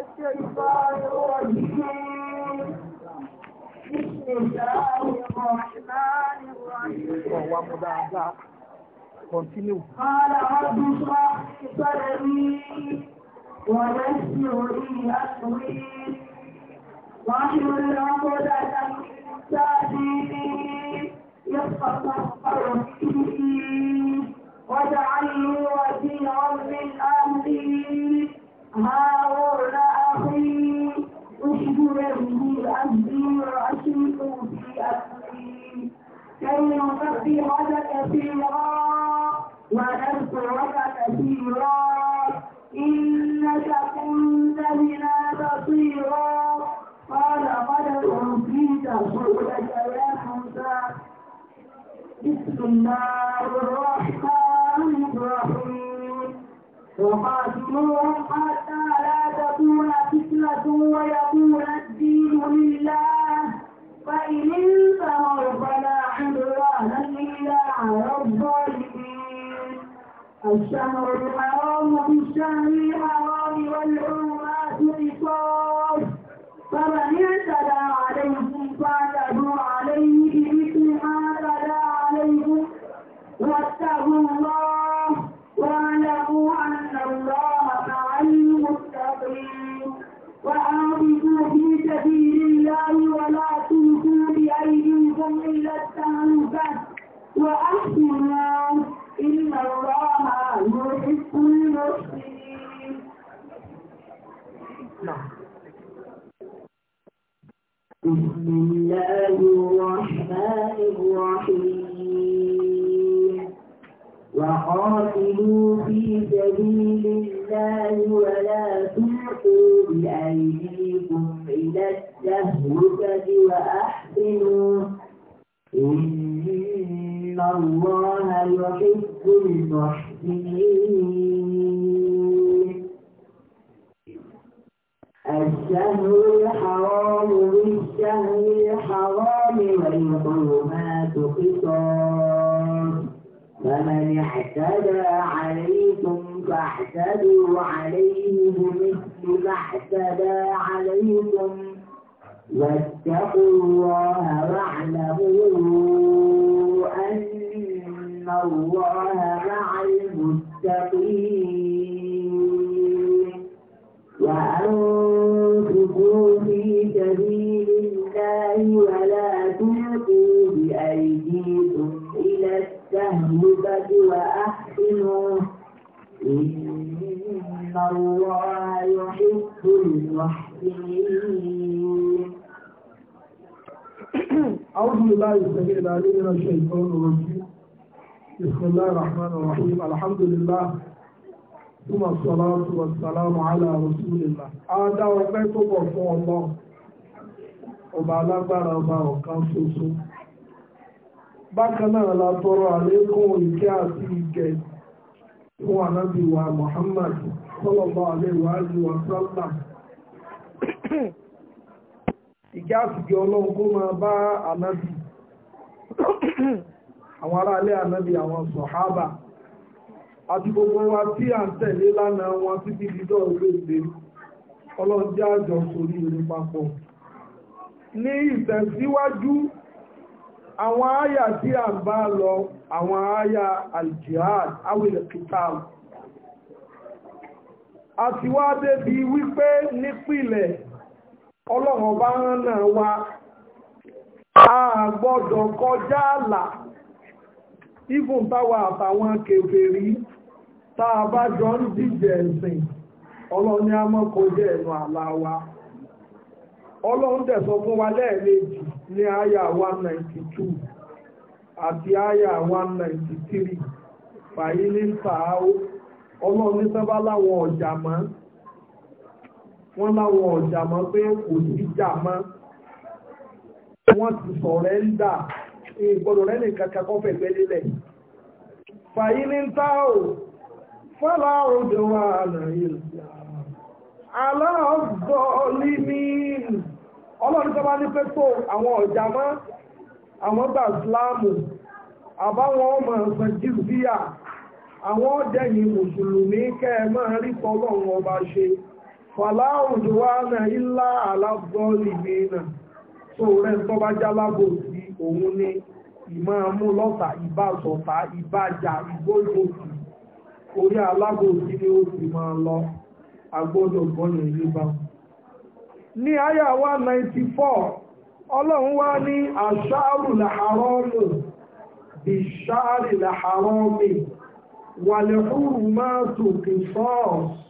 الشيطان الرجيم بسم الله الرحمن الرحيم وهو مدعى continue قال رب اشرح لي صدري ويسر لي امري واحلل عقدة من لساني يفقه قولي واجعل لي وزيرا من امري هارون كي نسبحك كثيرا ونذكرك كثيرا إنك كنت بنا بصيرا قال قد أوتيت سؤلك يا موسى بسم الله الرحمن الرحيم وقاتلوهم حتى لا تكون فتنة ويكون الدين الشهر الحرام الشهر الحرام والحرمات قصاص يحب المحسنين الشهر الحرام بالشهر الحرام والحرمات قصاص فمن اعتدى عليكم فاعتدوا عليه بمثل ما اعتدى عليكم واتقوا الله واعلموا أن إن الله مع المتقين وأنفقوا في سبيل الله ولا تلقوا بأيديكم إلى التهلكة وأحسنوا إن الله يحب المحسنين أعوذ بالله السميع العليم من الشيطان الرجيم بسم الله الرحمن الرحيم الحمد لله ثم الصلاة والسلام على رسول الله ada ọpẹ́ tó pọ̀ fún Ọlọ́run ọba alágbára ọba ọ̀kan ṣoṣo bákan náà la tọrọ àlékún ìkẹ́ àti ìgẹ̀ fún ànábì wa Muhammad sallallahu alaihi wa alihi ìkẹ́ àti ìgẹ̀ Ọlọ́run kó máa bá ànábì àwọn ará alẹ́ ànábì àwọn sọ̀hábà àti gbogbo wa tí à ń tẹ̀lé lánàá wọn títí dídọ̀ olóògbé ọlọ́jẹ́ àjọ sórí ire papọ̀ ní ìtẹ̀síwájú àwọn àyà tí a ń bá lọ àwọn àyà aljihad awil kitab a wá débi wípé nípìlẹ̀ ọlọ́run bá rán náà wa a gbọ́dọ̀ kọjá àlà even táwa àtàwọn kèfèrí tá a bá jọ ń díjẹ̀ ẹ̀sìn ọlọ́ni amọ́kọjẹ́ ẹ̀nu àlá wa ọlọ́run dẹ̀ sọ fún wa lẹ́ẹ̀mejì ní àyà 192 àti àyà 193 fàyí ní sàáwó ọlọ́run ní sábà láwọn ọ̀jà mọ́ wọ́n láwọn ọ̀jà mọ́ pé kò sí jà mọ́ wọ́n ti sọ̀rẹ́ńdà ìgbọ̀dọ̀ rẹ̀ nìkan kakọ́ fẹ̀gbẹ́ lílẹ̀ fàyí ní ń tá ò fọ́lá òjò wà nàíyè aláàbọ̀ líní ọlọ́run tó bá ní pé tó àwọn ọ̀já mọ́ àwọn gbà síláàmù àbáwọn ọmọ ọ̀sán jìbíyà àwọn ọ̀dẹ́yìn mùsùlùmí kẹ́ ẹ máa rí tọ́lọ́run ọba ṣe fàlá òjò wà nàíyè aláàbọ̀ líní náà tó rẹ̀ tó bá já lábòsí òun ni ìmọ̀-amú lọ́ta ìbáṣọ̀ta ìbájà ìgbóògbòsì orí alábòsí ni ó sì máa lọ agbọ́dọ̀ gbọ́yàn yìí bá. ní àyà 94, ọlọ́run wá ní àṣàrù làárọ́mù bìṣàrì làárọ́mù wàlẹ̀kúrù máa tòkè sọ́ọ̀sì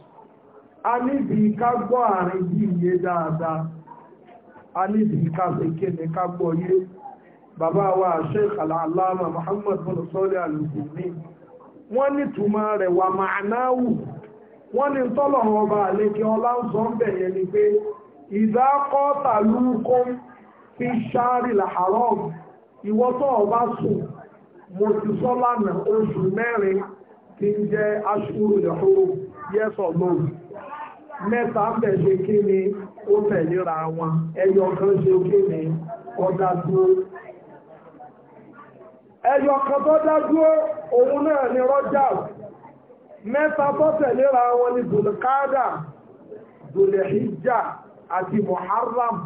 a níbi ká gbọ́ àárín yìí yé dáadáa a níbi ká ṣe bàbá wa sheikh alàlámà muhammad bin sọ́lẹ̀ alùsùnmí wọ́n ní túmọ̀ rẹ̀ wà wọ́n ní tọ́lọ̀rọ̀ ọba àlejò ọlá ń sọ bẹ̀yẹ ni pé ìdákọ́ tàlúkọ́ fi ṣáàrì làárọ̀ ìwọ́tọ̀ ọba sùn mo ti sọ lánàá oṣù mẹ́rin ti ń jẹ́ aṣúrù ìhòòrò yes or no mẹ́ta ń bẹ̀ ṣe kí ni ẹyọ kan tó dádúró òun náà ni rọ́jàù mẹ́ta tó tẹ̀léra wọn ni dùlùkádà dùlùhíjà àti muharram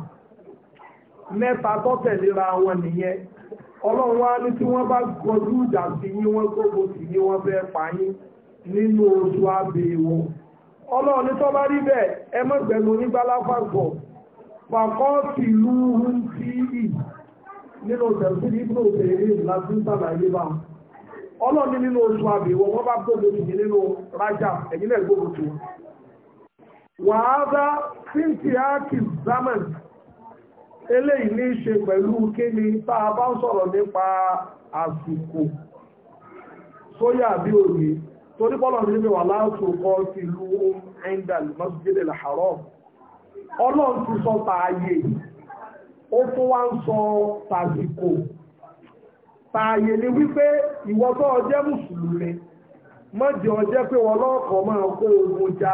mẹ́ta tó tẹ̀léra wọn nìyẹn ọlọ́run wá ní tí wọ́n bá gọdú ìjà sí yín wọ́n gbogbo sí ní wọ́n fẹ́ pa yín nínú oṣù abẹ́wò ọlọ́run ní tó bá rí bẹ́ẹ̀ ẹ mọ̀gbẹ́nu onígbàláfàgbọ̀ fàkọ́ọ̀tì lúhùn tí nínú tẹ̀sí ibùdó òfèrè láti ń sàlàyé bá ọlọ́ni nínú oṣù àbẹ̀wò wọ́n bá gbogbo tì nínú rájà ẹ̀yìn náà gbogbo tì wàhálà fíntì ákì zamani eléyìí ní ṣe pẹ̀lú tá a bá ń sọ̀rọ̀ nípa àsìkò sóyà òye ní ti lu mọ́sídẹ́lẹ̀ àárọ̀ ọlọ́run sọ tààyè ó tún wá ń sọ tàbíkò tààyè ni wípé ìwọ tó ọjẹ́ mùsùlùmí mọ́jẹ́ ọjẹ́ pé wọn lọ́kọ̀ọ́ máa kó ogun ja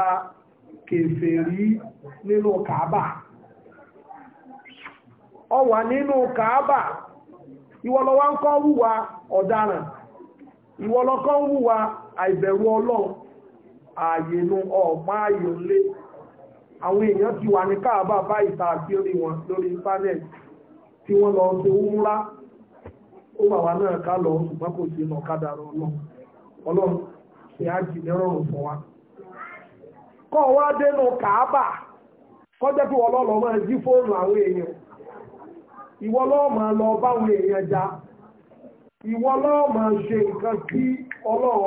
kèfèrí nínú kàábà ó wà nínú kàábà ìwọ ló wá ń kọ́ wùwà ọ̀daràn ìwọ ló kọ́ ń wùwà àìbẹ̀rù ọlọ́run ààyè nu ọ̀gbọ́n ayò lé àwọn èèyàn ti wà ní káàbà báyìí tá a ti wọn lórí tí wọ́n lọ ṣe wúmúrá ó bàwà náà ká lọ ṣùgbọ́n kò sí lọ ká dàrọ ọlọ́run ọlọ́run ṣe á jì lẹ́rọ̀rùn fún wa. kọ́ wá dénú káàbà kọ́jẹ́ pé ọlọ́run máa jí fóònù àwọn èèyàn ìwọ lọ́ọ́ máa lọ èèyàn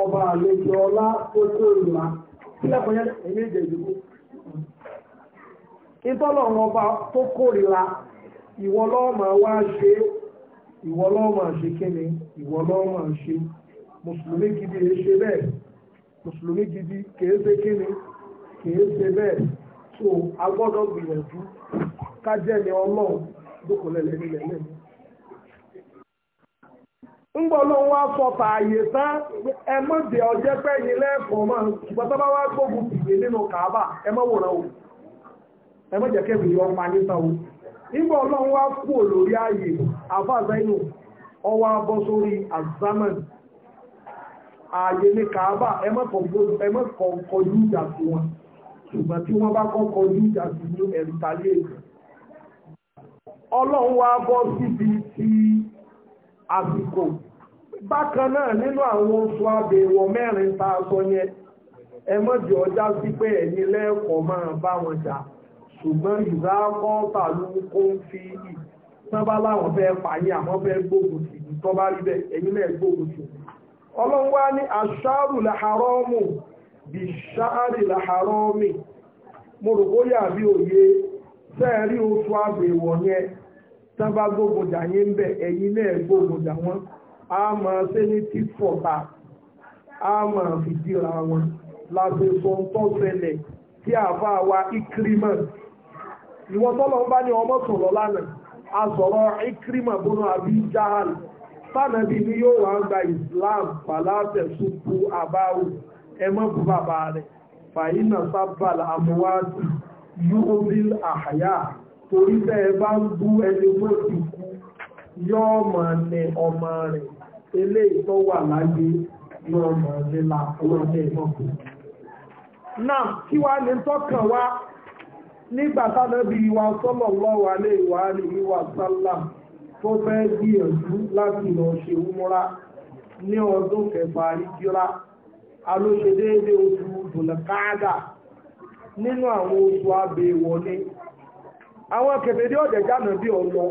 ọba àlejò ọlá tó ìlà ìtọ́lọ̀run ọba tó kórìíra ìwọ wá ṣe ṣe kíni ìwọ ṣe mùsùlùmí gidi èé ṣe bẹ́ẹ̀ gidi kèé ṣe kèé ṣe bẹ́ẹ̀ so a gbìyànjú ká jẹ́ ọlọ́run dókòlẹ́lẹ́ nílẹ̀ lẹ́nu wá sọ tán pẹ́yìn lẹ́ẹ̀kọ́ máa ẹgbẹ́jẹ̀ kẹfì yọ ọmọ ayé sáwọ́ nígbà ọlọ́run wá kú olórí ààyè àfáàzá inú ọwọ́ abọ́ sórí azaman ààyè ní kàábà ẹmọ́kọ̀ kọjú ìjà sí wọn ṣùgbọ́n tí wọ́n bá kọ́ kọjú ìjà sí ní ẹ̀rìtàlẹ́ ọlọ́run wá bọ́ síbi ti àsìkò bákan náà nínú àwọn oṣù abèwọ̀ mẹ́rin tá a sọ yẹn ẹmọ́jì ọjà sí pé ẹ̀yin lẹ́ẹ̀kọ́ máa bá wọn jà ṣùgbọ́n ìgbà kan tàlú kó ń fi ì sábà láwọn fẹ́ pààyàn àmọ́ fẹ́ gbógun tì í tọ́ bá rí bẹ́ẹ̀ ẹ̀yin náà gbógun tì í. ọlọ́run wá ní aṣáàrù làhárọ́mù bí ṣáàrì làhárọ́mì mo rò ó yà bí òye sẹ́ẹ̀rí oṣù àbẹ̀wọ̀ yẹn sábà gbógun jà yín ń bẹ̀ ẹ̀yin náà gbógun jà wọ́n á mọ̀ ṣé ní tí fọ̀tà á mọ̀ fìdíra wọn láti sọ tí àbá wa ikrimọ̀ ìwọ tọ́lọ̀ ń bá ní ọmọ sọ̀rọ̀ lánàá a sọ̀rọ̀ ikrima bónú àbí jahal fánàbí ni yóò wá ń gba islam pàlásẹ̀ ṣubú àbáwò ẹmọ́ bú bàbá rẹ̀ fàyínà sábàl àmúwájú yúhóbíl àhàyà torí bẹ́ẹ̀ bá ń bú ẹni tó ti kú yóò mọ̀ ní ọmọ rẹ̀ eléyìí tó kí wá ní tọ́kàn wá nígbà tánàbí wa sallallahu alaihi wa alihi wa sallam tó fẹ́ gbìyànjú láti lọ ṣe umura ní ọdún kẹfà ìjírá alóṣe oṣù bùlẹ̀káàdà nínú àwọn oṣù abèèwọ̀ ni àwọn kẹfẹ̀dé ọ̀dẹ̀ jánà bí ọlọ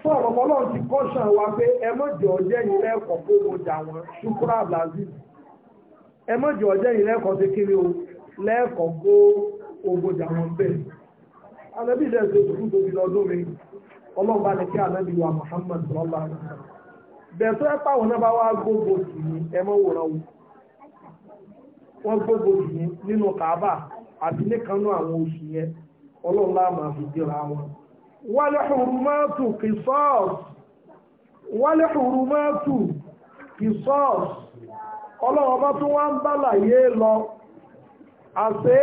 fún ọ̀pọ̀lọ́ ti kọ́ṣàn wa pé ẹmọ́jẹ̀ ọjẹ́ yìí lẹ́ẹ̀kọ́ kó mo dà wọ́n ṣúkúrà blazil ẹmọ́jẹ̀ ọjẹ́ yìí lẹ́ẹ̀kọ́ sí kiri o lẹ́ẹ̀kọ́ kó ogójì àwọn bẹ́ẹ̀ alẹ́bí ilẹ̀ ẹ̀sẹ̀ òṣù tóbi lọ́dún mi ọlọ́ọ̀bá ni kí alẹ́bí wa Muhammad lọ́la bẹ̀ẹ̀ tó wọn náà bá wá gbogbo sí ni ẹ mọ́ wọ́n gbogbo sí Kaaba àti níkanú àwọn oṣù yẹn ọlọ́ọ̀lá máa fi dira wọn. wálé hurumátù kìsọ́ọ̀sì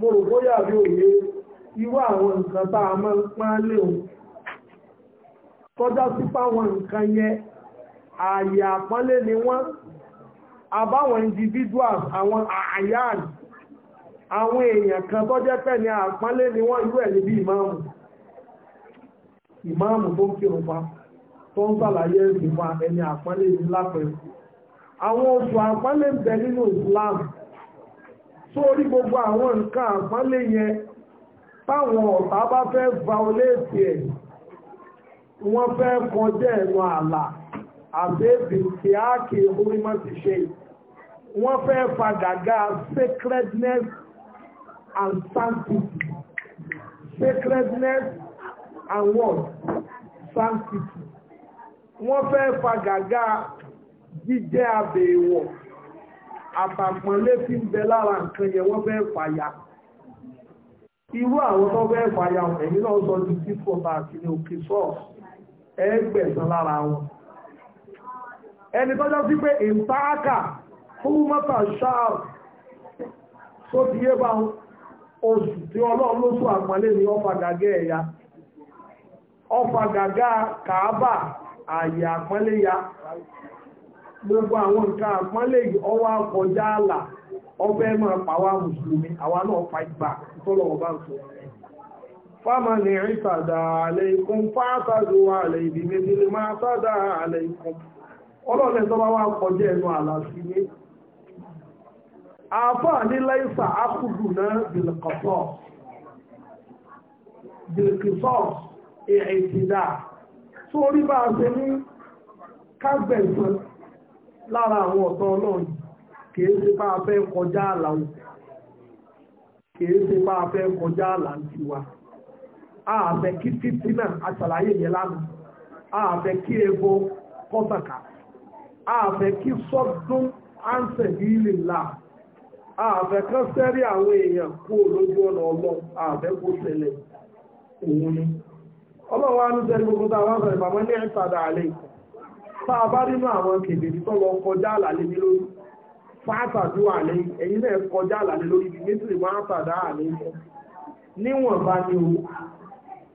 mo rò bóyá rí òye irú àwọn nǹkan tá a máa ń pán lé òun tọ́já sí fáwọn nǹkan yẹn ààyè àpọ́nlé ni wọ́n àbáwọn individuals àwọn àyàn àwọn èèyàn kan tó jẹ́ pẹ́ ní àpọ́nlé ni wọ́n irú ẹ̀ níbi ìmáàmù ìmáàmù tó ń kírun pa tó ń sàlàyé ìfà ẹni àpọ́nlé ní lápẹ́ àwọn oṣù àpọ́nlé ń bẹ nínú Islam sórí gbogbo àwọn nǹkan àpọ́nlé yẹn táwọn ọ̀tá bá fẹ́ violate ẹ̀ wọ́n fẹ́ kọjá ẹ̀nu àlà àbẹ́bì tí a kì í orí má ti ṣe wọ́n fẹ́ fagàgà sacredness and sanctity sacredness and what sanctity wọ́n fẹ́ fagàgà jíjẹ́ àbẹ̀wọ̀ àbàpọ̀nlé tí ń bẹ lára nǹkan yẹn wọ́n fẹ́ fàyà irú àwọn tó fẹ́ fàyà ẹ̀yìn náà sọ ju tí fò àti ní òkè sọ́ọ̀sì ẹgbẹ̀sán lára wọn ẹni tọ́jọ́ sí pé ìtaákà fún mọ́ta tó ti yé bá oṣù tí ọlọ́run lóṣù àpọ́nlé ní ọfà ya gbogbo àwọn nǹkan àpọ́nlé ọwọ́ akọjá àlà ọbẹ̀ máa pàwà mùsùlùmí àwa náà fight back tọ́lọ̀ ọba ń sọ fáàmà ní ìsàdà àlẹ́ikún fáàtàdù àlẹ́ìbí máa sádà wá kọjá ẹnu àfà ní ákùdù náà sórí bá a ṣe ní lára àwọn ọ̀tọ̀ ọlọ́run kìí ṣe bá a kọjá àlà kìí ṣe bá a kọjá àlà ń tiwa ààbẹ̀ kí fífínà àṣàlàyé yẹn lánàá ààbẹ̀ kí ebo kọ́sàkà ààbẹ̀ kí sọ́dún ààbẹ̀ kan sẹ́rí àwọn èèyàn kú ọ̀nà ààbẹ̀ kó òun ni gbogbo tá a wá sọ̀rọ̀ ní ìkọ́ tá a bá nínú àwọn kèbèrè tó lọ kọjá àlàlé ní lórí fàtàdú àlẹ́ ẹ̀yìn náà kọjá àlàlé lórí ibi méjìlè wọ́n àtàdá àlẹ́ ìfẹ́ níwọ̀n bá ní o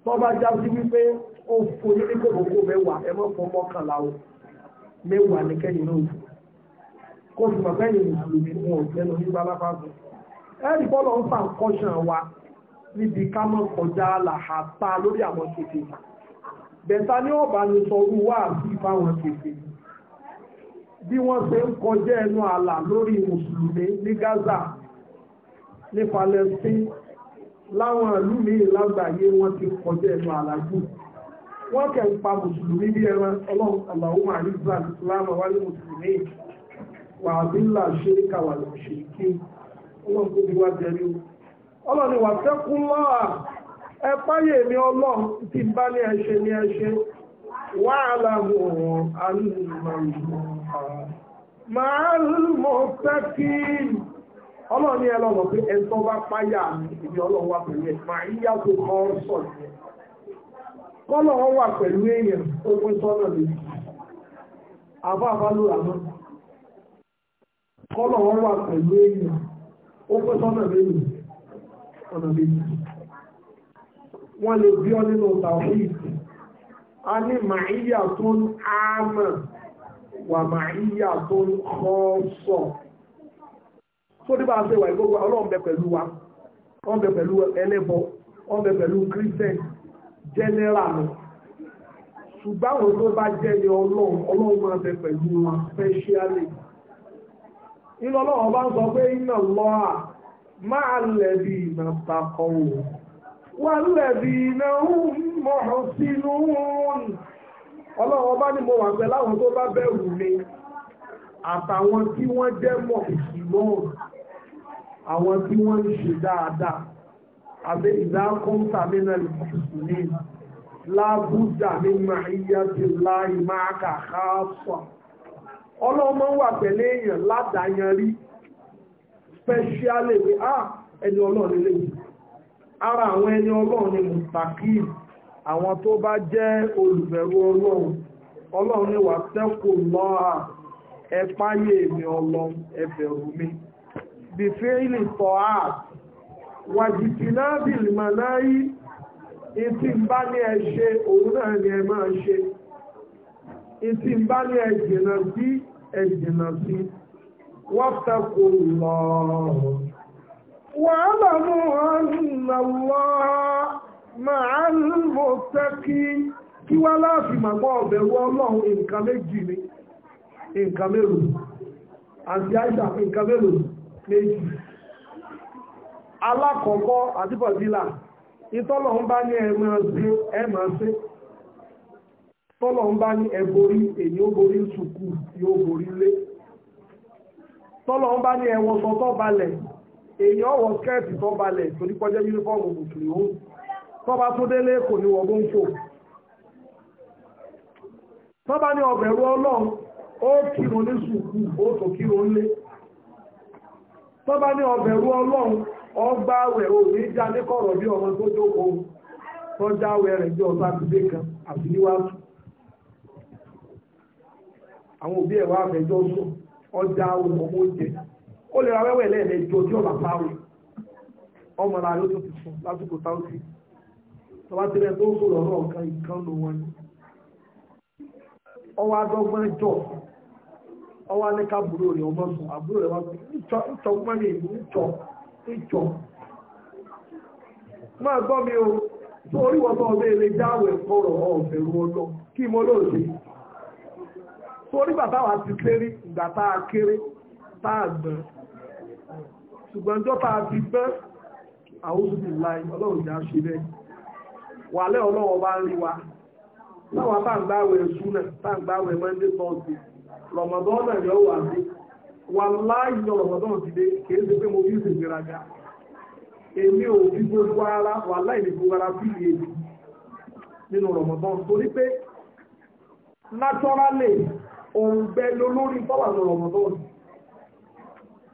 tó bá já sí wípé ó foyé ní kòkòkò mẹ́wàá ẹ mọ́ fún mọ́kànlá o mẹ́wàá ní kẹ́yìn náà jù kó sì mọ̀ kẹ́yìn mùsùlùmí wọn ò fẹ́ lọ ní balafáàbù ẹ̀rí bọ́lọ̀ ń fà kọ́ṣàn wa níbi ká mọ́ kọjá àlà àtà lórí àwọn kèbèrè bẹ̀ta ní ọ̀bà ní sọ̀rọ̀ wà sí fáwọn kèfè bí wọ́n ṣe ń kọjá ẹnu àlà lórí mùsùlùmí ní Gaza ní Palestine láwọn ìlú mi lágbàáyé wọ́n ti kọjá ẹnu àlà jù wọ́n kẹ́ ń pa mùsùlùmí bí ẹran ọlọ́run àlàó àríṣà ìsìlámù wálé mùsùlùmí wà nílà ṣe kàwàlù ṣèké ọlọ́run tó bí wá jẹ́ ní ọlọ́run wà tẹ́kùn lọ́à ẹ páyè mi ọlọ́run bá ní ẹṣẹ ní ẹṣẹ wà láàbò ọlọ́run ní ẹlọ́rọ̀ pé ẹ̀sọ́ bá páyà ìbí ọlọ́run wà pẹ̀lú ẹ̀ máa yíyá tó kọ́ sọ̀ yẹn kọ́lọ̀ wọn wà pẹ̀lú èèyàn tó pín sọ́nà lè ló rà náà wà pẹ̀lú èèyàn ó pín sọ́nà lè lè wọ́n lè bí ọ nínú tàwíì a ní màáyà tó ń ámà wà màáyà tó ń kọ́ sọ tó ní bá ṣe wà ìgbógbó ọlọ́run bẹ pẹ̀lú wa wọ́n bẹ pẹ̀lú ẹlẹ́bọ wọ́n pẹ̀lú christian general ṣùgbọ́n àwọn tó bá jẹ́ ní ọlọ́run ọlọ́run máa bẹ pẹ̀lú wọn specially nínú ọlọ́run bá ń sọ pé iná lọ́à والذين هم محسنون ọlọ́run ọba ni mo wà pẹ̀ láwọn tó bá bẹ̀rù mi àtàwọn tí wọ́n jẹ́ mọ̀ ìṣìlọ́ àwọn tí wọ́n ń ṣe dáadáa àbẹ́ ìdákọ́ńtà nínú ìṣìlọ́ ní lábújá ní màáyá ti láì máa kàkà wà pẹ̀lẹ́ èèyàn ládàáyanrí specially ah, ẹni ọlọ́run lẹ́yìn ara àwọn ẹni ọlọ́run ni mùtàkì àwọn tó bá jẹ́ olùbẹ̀rù ọlọ́run ọlọ́run ni wà tẹ́kù lọ́ha ẹ páyé mi ọlọ́run ẹ bẹ̀rù mi bí fẹ́ẹ̀lì tọ́ á wàjìtì náà bí ìmọ̀ náà yí ìtì ń bá ní ẹ ṣe òun náà ni ẹ máa ṣe ìtì ń bá ní ẹ jìnnà sí ẹ jìnnà sí wọ́n tẹ́kù lọ́ọ̀ọ́ واعلموا أن الله مع المتقين kí wá láàfin màgbọ́ ọ̀bẹ̀rù ọlọ́run nǹkan méjì ní nǹkan mélòó àti àìsà nǹkan mélòó méjì alákọ̀ọ́kọ́ àti fọ̀dílà ìtọ́lọ̀un bá ní ẹ̀mọ̀ sí ẹ̀mọ̀ sí bá ní èèyàn ọ̀wọ̀ skẹ́ẹ̀tì tó balẹ̀ torí pọ́jẹ́ yúnífọ́ọ̀mù mùsùlùmí ó tọ́ba tó délé kò ní wọ́gbọ́n fò tọ́ba ní ọ̀bẹ̀rù ọlọ́run ó kírun ní sùkú ó tó kírun ńlé tọ́ba ní ọ̀bẹ̀rù ọlọ́run ọgbà àwẹ̀ òní já ní kọ̀rọ̀ bí ọmọ tó jókòó tọ́jà àwẹ̀ rẹ̀ jẹ́ ọ̀sán àtúndé kan àti níwájú àwọn òbí ẹ̀ wá àfẹ́jọ́ sùn ọjà àwọn ọmọ oúnjẹ ó lè ra wẹ́wẹ́ lẹ́ẹ̀mejì ojú ọ̀la táwọn ọmọ ara ló tó ti fún lásìkò táwùsì tọ́wá ti rẹ̀ tó ìkan ló wọn ni jọ mi o tó orí wọn bá ọbẹ̀ ilé dáwọ̀ ẹ̀kọ́ rọ̀ ọ̀fẹ́ ru ọjọ́ kí mo lóò ṣe tó orí bàbá wa ti kéré ìgbà tá a kéré tá a ṣùgbọ́n jọ́ta àti bẹ́ àwúsù ti láì ọlọ́run ìjà ṣe bẹ́ wà lẹ́ ọlọ́wọ́ bá ń rí wa láwọn bá ń gbáwẹ̀ ṣúnà bá ń gbáwẹ̀ monday thursday rọmọdún náà yóò wà dé wà láì yọ rọmọdún ti dé kìí ṣe pé mo fi ṣe ìgbéraga èmi ò fi gbogbo ara wà láì ní gbogbo ara fi lè dì nínú rọmọdún torí pé naturally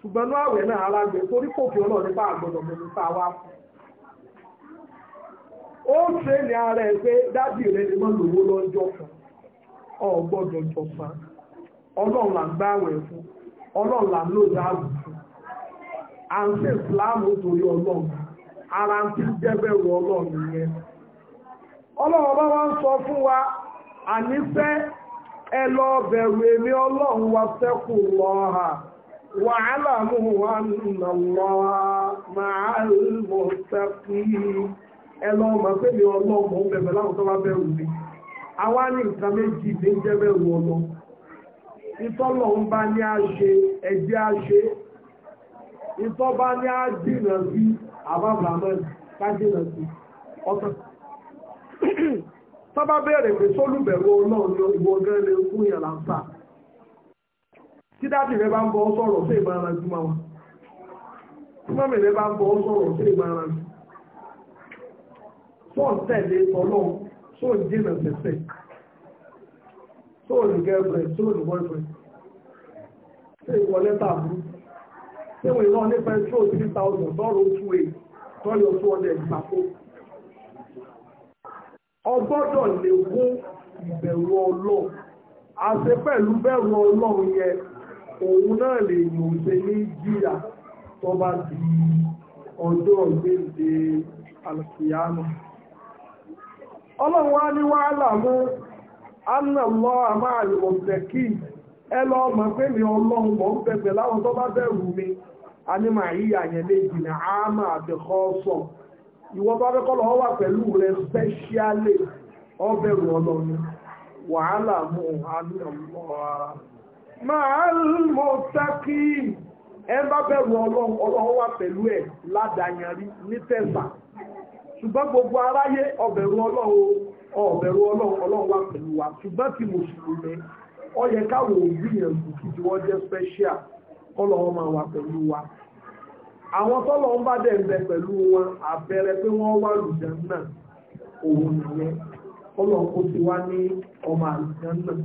ṣùgbọ́n ní àwẹ̀ náà alágbè torí kò fi ọlọ́run nípa àgbọ̀dọ̀ mọ̀ nípa wa ó ṣe ní ara ẹ̀ pé dádì rẹ̀ lè mọ́ lówó lọ́jọ́ kan jọba ọlọ́run là ń gbá àwẹ̀ fún ọlọ́run là ń fún à ń ṣe ìsìláàmù torí ọlọ́run ara ń ọlọ́run yẹn ọlọ́run bá wá ń sọ fún wa ẹ واعلموا أن الله مع المتقين ẹ lọ mọ̀ pé mi ọlọ́mọ bẹ̀bẹ̀ láwọn tó bá bẹ̀rù mi àwa ní ọlọ ìtọ́lọ̀ ń bá ní àṣe ẹ̀jẹ̀ ìtọ́ bá ní àjìnà sí kájìnà sí ọ̀tọ̀ fún yàrá sáà tí dáàbì rẹ bá ń bọ́ sọ̀rọ̀ sí ìmọ̀ ara jùmọ̀ wọn tí mọ́mì rẹ bá ń bọ́ sọ̀rọ̀ sí ìmọ̀ ara jù fọ́n tẹ̀lé tọ́lọ́ tó ń jìnà sẹ̀sẹ̀ tó ń gẹ́gbẹ̀ tó ń wọ́gbẹ̀ tí ìwọlé tàbí tí wọ́n ìlọ́ ní pẹ̀tró 3000 tọ́rọ 2A tọ́yọ 200 ìpapò ọgbọ́dọ̀ lè gún ìbẹ̀rù ọlọ́run àṣẹ pẹ̀lú bẹ̀rù ọlọ́run yẹn òun náà lè yùn ṣe ní jíyà tó bá di ọjọ́ ìgbéǹde alkiyama ọlọ́run wá ní wàhálà mú annàlọ́ àmáàlì ọ̀sẹ̀kì ẹ lọ mọ̀ pé mi ọlọ́run mọ̀ ń pẹ̀pẹ̀ láwọn tó bá bẹ̀rù mi a ní màá yí àyẹ̀ méjì ní àmà àbẹ̀kọ́ sọ ìwọ bá lọ wà pẹ̀lú rẹ spẹ́ṣíálì ọbẹ̀rù ọlọ́run wàhálà mú annàlọ́ ma ń mọ sákì ẹ bá bẹ̀rù ọlọ́run ọlọ́run wà pẹ̀lú ní tẹ̀sà ṣùgbọ́n gbogbo aráyé ọ̀bẹ̀rù ọlọ́run ọ̀bẹ̀rù ọlọ́run ọlọ́run wa pẹlụ wa ṣùgbọ́n tí mùsùlùmí ó yẹ káwọn òbí yẹn kùkì tí wa àwọn bá wọn pé náà òun nìyẹn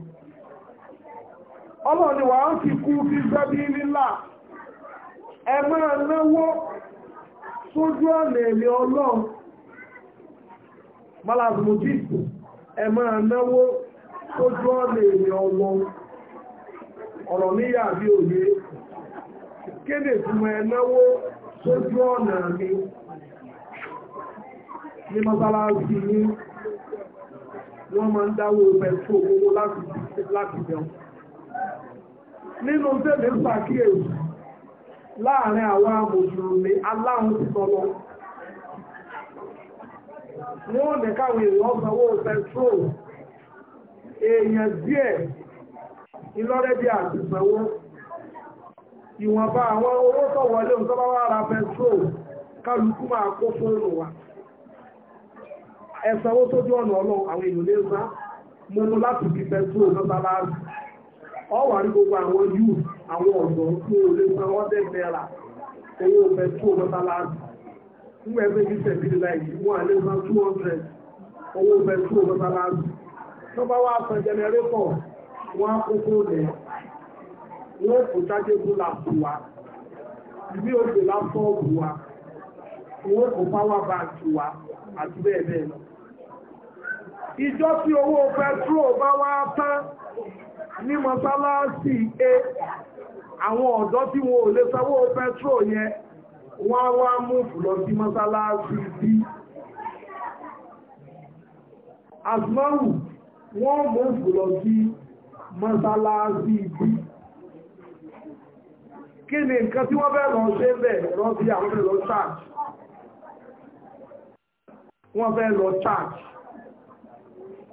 ọlọ́run ni wà á fi kú fi sẹ́bí nílà ẹ máa náwó sójú ọ̀nà èlé ọlọ́run malazmoji ẹ máa náwó sójú ọ̀nà èlé ọlọ́run ọ̀rọ̀ níyà bí òye kéde fún ẹ náwó sójú ọ̀nà mi ní mọ́sálásí ní wọ́n máa ń dáwó pẹ̀lú owó láti bẹ̀rún nínú tẹ́lẹ̀ ń pàkíyèsí láàrin àwọn amòsùnmí aláhùn ti tọ́lọ wọ́n ní káwọn èèyàn sanwó petrol èèyàn díẹ̀ ìlọ́rẹ́dí àti sanwó ìwọ̀nba àwọn owó tó wọlé ń tọ́bá wá ra petrol kálukú máa kó fóònù wa ẹ̀sanwó tó jọ́ ọ̀nà ọlọ́run àwọn èèyàn lè sá mo mú láti fi petrol lọ́ta láàrín ọwà ní gbogbo àwọn yìí àwọn ọ̀dọ́ tí ó lè san ọ́dẹ̀ náírà owó ọbẹ̀ tí ó lọ́ta láàbù nígbà ẹgbẹ́ ní sẹ̀bílì láìsí wọn àlè san two hundred owó ọbẹ̀ tí ó lọ́ta láàbù tó bá wá san jẹnẹrétọ̀ wọn á kókó rẹ̀ wọn kò jáde kó làbù wa ìbí òde lápọ́ọ̀bù wa wọn kò páwà báńkì wa àti bẹ́ẹ̀ bẹ́ẹ̀ lọ. ìjọ tí owó pẹtrol bá wá tán ní mọ́sálásì a àwọn ọ̀dọ́ tí wọn ò lè sanwó pẹ́trò yẹn wọ́n wá mú fùlọ sí mọ́sálásì b asmáwù wọ́n mú fùlọ sí mọ́sálásì b kí ni nǹkan tí wọ́n bẹ́ẹ̀ lọ ṣe bẹ́ẹ̀ lọ sí àwọn ẹ̀lọ́ church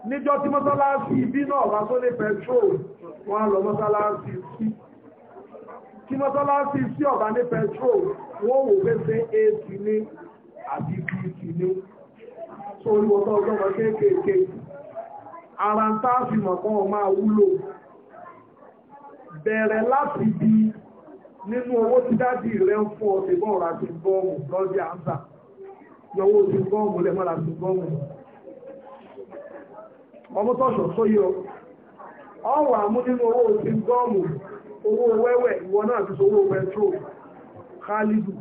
níjọ́ tí mọ́sálásí ibi náà wá tó lè pẹ̀trol wọ́n lọ mọ́sálásí sí tí mọ́sálásí sí ọ̀bá ní pẹ̀trol wọ́n wò pé ṣe ac ní àti bc ní tó olùwọ́tọ́ ọjọ́mọ kéékèèké ara ń tá fi mọ̀kàn máa wúlò bẹ̀rẹ̀ láti bí nínú owó tí dádì rẹ̀ ń fọ́ ọ̀sẹ̀ bọ́ọ̀rọ̀ àti bọ́ọ̀mù lọ́dí àǹsà yọwọ́ òsì bọ́ọ̀mù lẹ́mọ́ra àti bọ́ọ̀mù ọmọtọ́ṣọ̀ sóyí o ọwà mú owó ti gọ́ọ̀mù owó wẹ́wẹ́ ìwọ náà ti sówó petro khalidu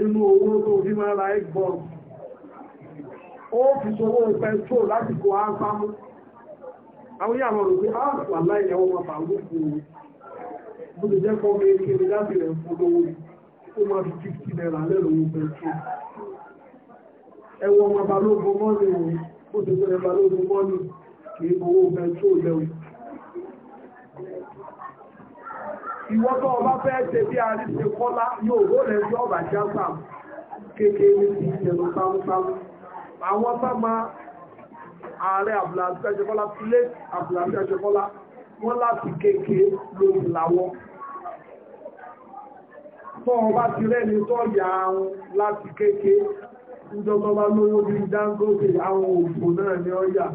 nínú owó tó máa ra fi petro lati àwọn yà rò pé ah, á wà láì ẹwọ́ máa bà bó jẹ́ láti rẹ̀ fún lówó ó fi petro bó ti fẹ́ ẹ̀bà ló fún mọ́nì kì í owó mẹ́tò lẹ́wọ̀. Ìwọ́n tó ọba fẹ́ ṣe bí arí ṣe kọ́lá yóò ró rẹ̀ sí ọ̀bà jáfà kékeré ti ìṣẹ̀lú pámúpámú. Àwọn bá máa ààrẹ Abdulhakeem Aṣẹ́kọ́lá tilé Abdulhakeem Aṣẹ́kọ́lá wọ́n láti kékeré lórí làwọn. Tọ́ ọba ti rẹ́ni tọ́ yà áhùn láti kékeré ìjọba bá lówó bí Dangote àwọn òfò náà ní ọjà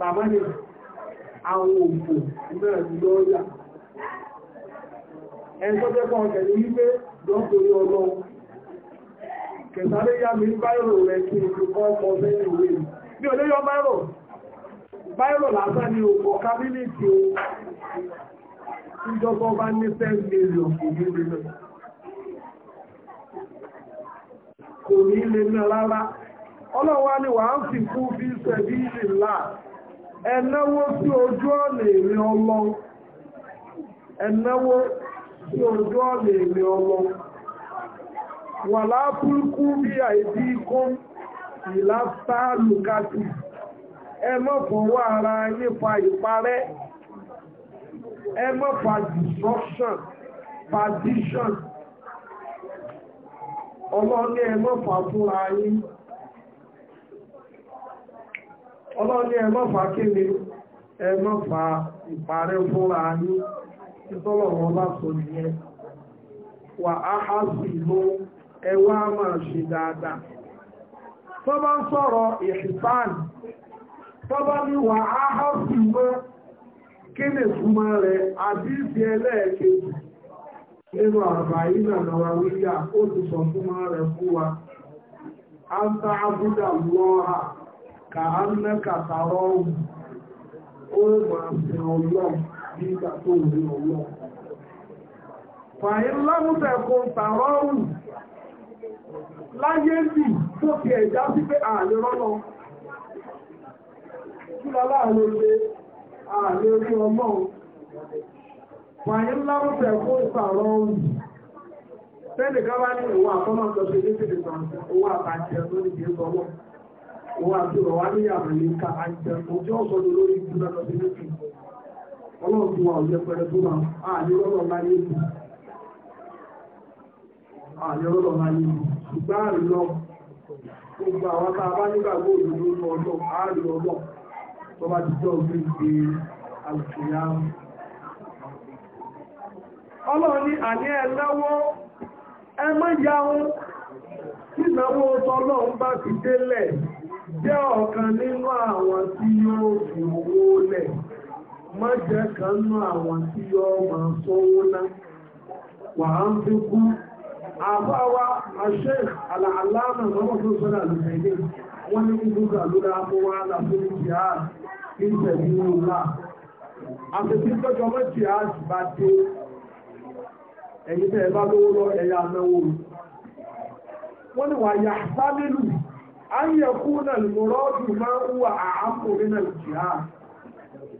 làmọ́ni àwọn òfò náà ní ọjà ẹ̀sọ́ pẹ́pọ̀ ọ̀kẹ̀lú wípé lọ́pọ̀lú ọlọ́run kẹsàrẹ́ yá mi báyìrò rẹ̀ kí n fi kọ́ ọkọ̀ sẹ́yìn ìwé mi ò lè yọ báyìrò báyìrò lásán ni òkò kábínìtì ìjọba bá ní 10 million kò ní kò ní lè ná rárá ọlọ́wà ni wà ń fi kú bí sẹ̀bí ìlà ẹ̀náwó sí ojú ọ̀nà èrè ọlọ́ ẹ̀náwó sí ojú ọ̀nà èrè ọlọ́ wà lápúrúkú bí àìdí kó ìlà sáàlùkátì ẹ má fọwọ́ ara yín fa ìparẹ́ ẹ má fa destruction partition ọlọ́ni ẹmọ́fà fúnra yín ọlọ́ni ẹmọ́fà kíni ẹmọ́fà ìparẹ́ fúnra yín títọ́lọ̀ wọn bá wà áhá sí ló ẹwà máa ṣe dáadáa tó bá ń sọ̀rọ̀ tó bá ní wà áhá sí ló kí ni rẹ̀ nínú àbáyínà náà wíyà o ti sọ fún máa rẹ̀ fún wa a ta tá ka a ń mẹ́ka tààrọ ohun O máa sin ọlọ́ bí ìgbà tó rí ọlọ́ fàyín lámúfẹ́ kó ohun láyé bì tó fi ẹ̀já sí pé kí lọ́lá rí wàyí ńlá ń fẹ́ fún ìpààrọ̀ ohun tẹ́lẹ̀ gábá ní ìwọ àtọ́nà tó ṣe léṣèlè kan owó àtàjẹ lórí ìdí ìsọwọ́ owó àti ọ̀rọ̀ wá ní àmàlẹ́ ká àjẹ ojú ní lórí ìdí ọlọ́run ti wà òye tó máa àní láyé lọ gbogbo àwọn ọlọ́run ní àní ẹlẹ́wọ́ ẹ má yáhún ìnáwó tọ́lọ́run bá ti délẹ̀ jẹ́ ọ̀kan nínú àwọn tí yóò fi owó lẹ̀ má jẹ́ kan nínú àwọn tí yóò ma sówó ná wà á ń fi kú àbáwá àṣẹ àlàáláàmà lọ́wọ́ tó ẹ̀yìn tẹ́ bá lówó lọ ẹ̀yà náwó wọ́n ni wà yà bá nílù ayẹ̀kú náà lè mọ̀rọ̀ ọdún máa ń wà àápò ní nàìjíríà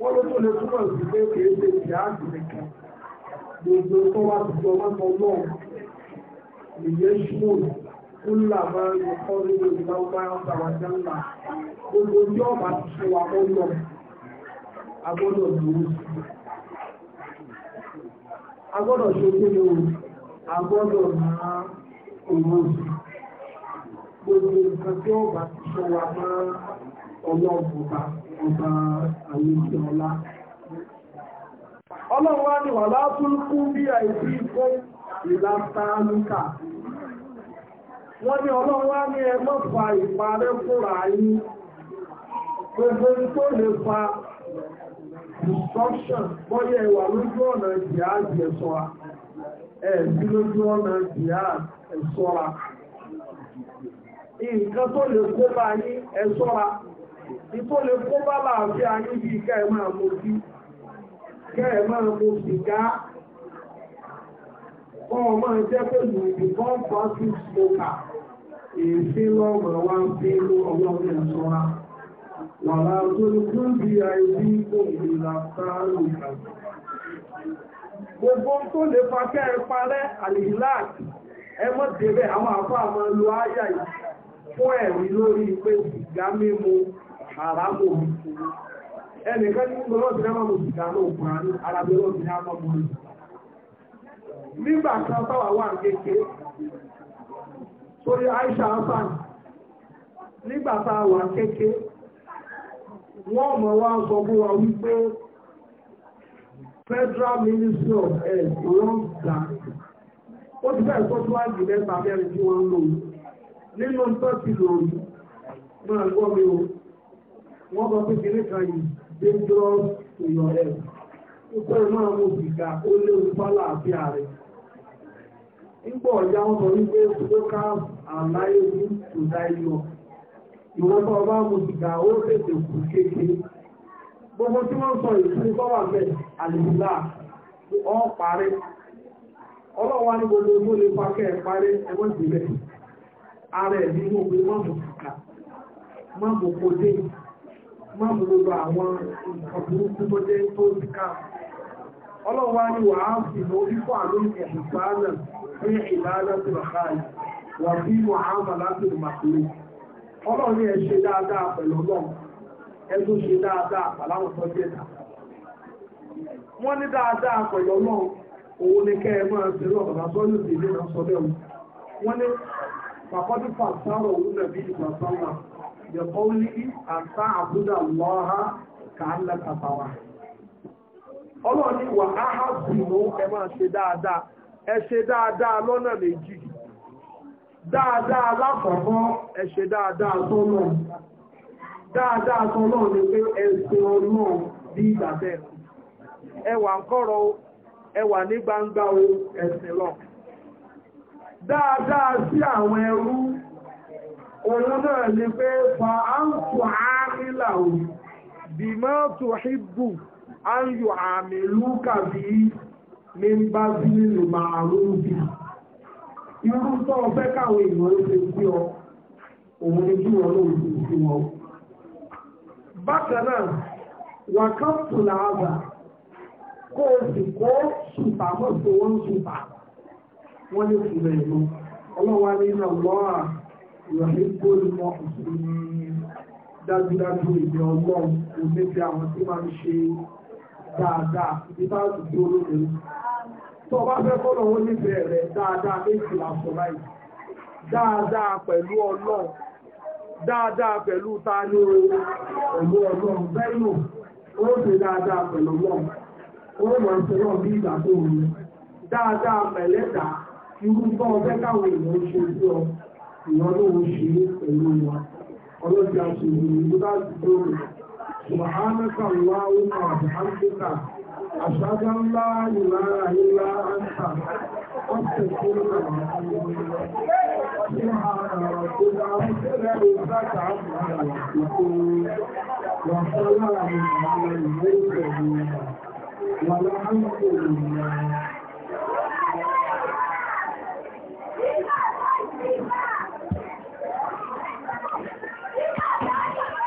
wọ́n ló tó lè túmọ̀ sí pé kìí ṣe ìjáàdì nìkan gbogbo tó wá ti jọ máa kúlà máa ń nínú ìgbà jẹ́ńlá gbogbo ti ṣe wà agbọ́dọ̀ lòó sí agbọ́dọ̀ ṣe kí agbọ́dọ̀ máa owó gbogbo nǹkan tí ti wa máa ọlọ́ọ̀bùnba ọba àlejò ọlá ọlọ́run wá ní wà látúnkú bí àìsí ikọ́ wọ́n ní ọlọ́run wá ní ìparẹ́ fúnra gbogbo lè instruction bọ́yẹ̀ ìwà lójú ọ̀nà jihad ẹ̀ṣọ́ra ẹ̀ẹ̀sí lójú ọ̀nà jihad ẹ̀ṣọ́ra nǹkan tó lè kó bá ní ẹ̀ṣọ́ra ní tó lè kó bá láàfíà yín bí kẹ́ ẹ̀ máa mo sí kẹ́ ẹ̀ máa mo sìgá you become passive smoker èéfín lọ́mọ̀ wá ń fi ọlọ́run ẹ̀ṣọ́ra. ولا تلقوا بأيديكم إلى التهلكة Gbogbo tó lè fa kẹ́ ẹ parẹ́ àlìláàk ẹ mọ́ àwọn àfá àmọ́ lo áyà fún ẹ̀rí lórí pé ẹnìkan ní gbogbo náà mọ́ nígbà kan wà kéèké sórí Aisha nígbà wọ́n mọ̀ wá sọ fún wa wípé federal ministry of health wọ́n gbà ó ti bẹ́ẹ̀ tó mẹ́ta mẹ́rin tí wọ́n lò nínú tó ti lò rí máa gbọ́ mi o wọ́n sọ pé kìnnì kan yìí dangerous to your health máa mú ó léwu fálà àti ààrẹ ọ̀já wọn sọ wípé ìwọ́pọ̀ ọba mùsùlùmí ó tètè kù kéèkéé gbogbo tí wọ́n sọ àlèmílà ọ parí ọlọ́wà ní gbogbo tó lè pàkẹ́ parí ara ẹ̀ nínú òwe mọ́bù kàkà mọ́bù mọ́bù gbogbo àwọn jẹ́ tó ti ká ọlọ́wà ní sì lọ sáà náà ní ìlànà tó rà wà bí ọlọ́run ní ẹ ṣe dáadáa pẹ̀lú ọlọ́run ẹ ṣe dáadáa pàláwọn tó jẹ́ dà wọ́n ní dáadáa pẹ̀lú ọlọ́run òun ni kẹ́ ẹ máa ṣe bàbá tó náà sọ wọ́n ní pàkọ́dún fàṣàrọ̀ òun nàbí ìgbàsáwà yẹ̀kọ́ ní àṣà àbúdà lọ́ha kàálà kàtàwà ọlọ́run ní wà ẹ máa ṣe dáadáa ẹ ṣe dáadáa lọ́nà méjì dáadáa lákọ̀ọ́kọ́ ẹ ṣe dáadáa tó náà dáadáa tó náà ni pé ẹ̀sìn ọlọ́run bí ìgbà bẹ́ẹ̀ ẹwà ń kọ́rọ̀ ẹwà ní gbangba o ẹ̀sìn lọ dáadáa sí àwọn ẹrú òun náà ni pé fa áǹtù áńlá o bí mọ́tò híbù áńyù àmì lúkà bí ní bá sí nínú màálù bíi irú tó o fẹ́ káwọn èèyàn ló ṣe sí ọ òun ni kí wọn lóun ti sí wọn. bákan náà wà kán tù làágbà kó o sì kó ṣùpà mọ́ sí wọn ṣùpà wọ́n lè fi rẹ̀ lọ ọlọ́wà ní ìlà lọ́wà ìrọ̀lẹ́ kó lè mọ dájúdájú ìdí ọlọ́run òun níbi àwọn tí máa ń ṣe dáadáa ìdí bá dúró lónìí tó bá fẹ́ rẹ̀ dáadáa méjì lásọ láì dáadáa pẹ̀lú ọlọ́run dáadáa pẹ̀lú ta ní ọmọ ọlọ́run bẹ́ẹ̀nù ó ṣe dáadáa pẹ̀lú ọlọ́run ó mọ̀ bí ìgbà tó rí dáadáa pẹ̀lẹ́dà irú ọbẹ̀ káwọn ṣe sí ọ ìyọ́n ló ń ṣe pẹ̀lú wa أشهد أن لا إله إلا أنت أستغفرك سبحان ربك رب العزة عما يصفون وسلام على المرسلين والحمد لله